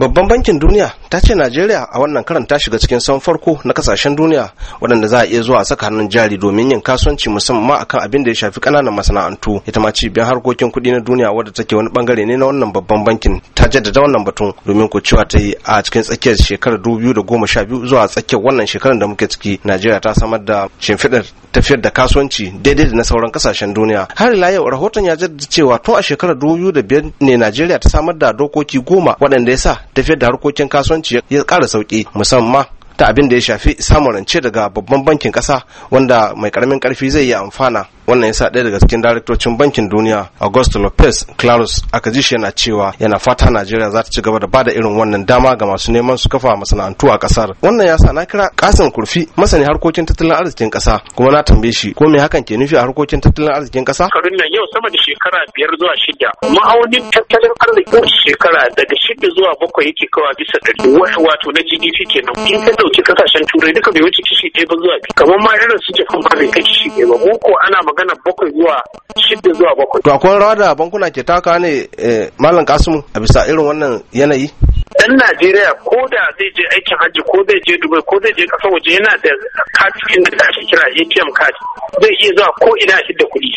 babban bankin duniya ta ce najeriya a wannan karan ta shiga cikin san farko na kasashen duniya waɗanda za a iya zuwa saka hannun jari domin yin kasuwanci musamman akan abin da ya shafi ƙananan masana'antu ita ma cibiyar harkokin kuɗi na duniya wadda take wani bangare ne na wannan babban bankin ta jaddada wannan batun domin ku cewa ta yi a cikin tsakiyar shekarar dubu da goma sha biyu zuwa tsakiyar wannan shekarar da muke ciki najeriya ta samar da shimfiɗar tafiyar da kasuwanci daidai da na sauran kasashen duniya har ila yau rahoton ya jaddada cewa tun a shekarar dubu biyu ne najeriya ta samar da dokoki goma waɗanda ya sa tafiyar da harkokin kasuwanci kasuwanci ya ƙara sauƙi musamman ta abin da ya shafi samun rance daga babban bankin ƙasa wanda mai ƙaramin ƙarfi zai yi amfana wannan ya sa ɗaya daga cikin daraktocin bankin duniya augusto lopez claros aka ji shi yana cewa yana fata najeriya za ta ci gaba da bada irin wannan dama ga masu neman su kafa masana'antu a kasar wannan ya sa na kira kasan kurfi masani harkokin tattalin arzikin kasa kuma na tambaye shi ko me hakan ke nufi a harkokin tattalin arzikin kasa karin nan yau sama da shekara biyar zuwa shida ma'aunin tattalin arzikin shekara daga shida zuwa bakwai yake kawa bisa ɗari wato na gdp kenan in ka dauki kasashen turai duka bai wuce kishi ɗaya ba zuwa biyu kamar ma irin su japan ba bai kai kishi ɗaya ba mu ko ana magana bakwai zuwa shida zuwa bakwai. To akwai rawa da bankuna ke taka ne eh, Malam Kasimu a bisa irin wannan yanayi? dan Najeriya ko da zai je aikin hajji ko zai je Dubai ko zai je kasar waje yana da katikin da ake kira ATM card zai iya zuwa ko ina shi da kuɗi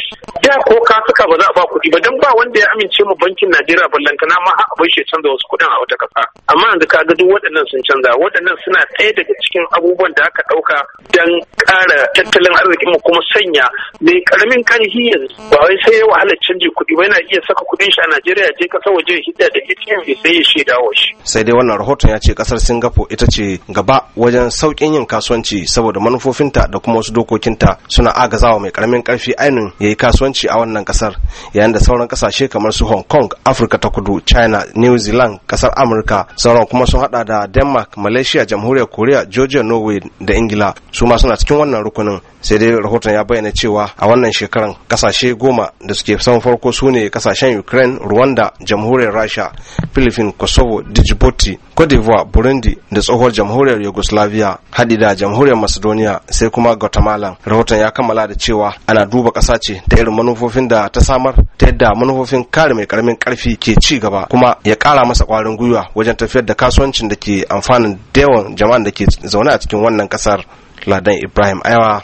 da ko ka suka ba za a ba kuɗi ba dan ba wanda ya amince mu bankin Najeriya ballantana ma a shi canza wasu kuɗin a wata kasa amma yanzu ka ga duk waɗannan sun canza waɗannan suna ɗaya daga cikin abubuwan da aka ɗauka dan ƙara tattalin arzikin mu kuma sanya mai karamin ƙarfi yanzu ba wai sai ya wahala canji kuɗi ba yana iya saka kuɗin shi a Najeriya je kasar waje hidda da ATM sai ya shi da shi sai dai wannan rahoton ya ce kasar singapore ita ce gaba wajen sauƙin yin kasuwanci saboda manufofinta da kuma wasu dokokinta suna agazawa mai karamin karfi ainihin ya yi kasuwanci a wannan kasar yayin da sauran kasashe kamar su hong kong afirka ta kudu china new zealand kasar amurka sauran kuma sun hada da denmark malaysia jamhuriyar korea georgia norway da ingila su ma suna cikin wannan rukunin sai dai rahoton ya bayyana cewa a wannan shekaran kasashe goma da suke son farko su ne kasashen ukraine rwanda jamhuriyar rasha philippines kosovo djibouti cote d'ivoire burundi da tsohuwar jamhuriyar yugoslavia haɗi da jamhuriyar macedonia sai kuma guatemala rahoton ya kammala da cewa ana duba ƙasa ce da irin manufofin da ta samar ta yadda manufofin kare mai karamin karfi ke ci gaba kuma ya kara masa ƙwarin gwiwa wajen tafiyar da kasuwancin da ke amfanin da yawan jama'an da ke zaune a cikin wannan ƙasar ladan ibrahim aiwa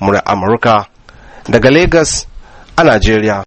mura amurka daga lagos a najeriya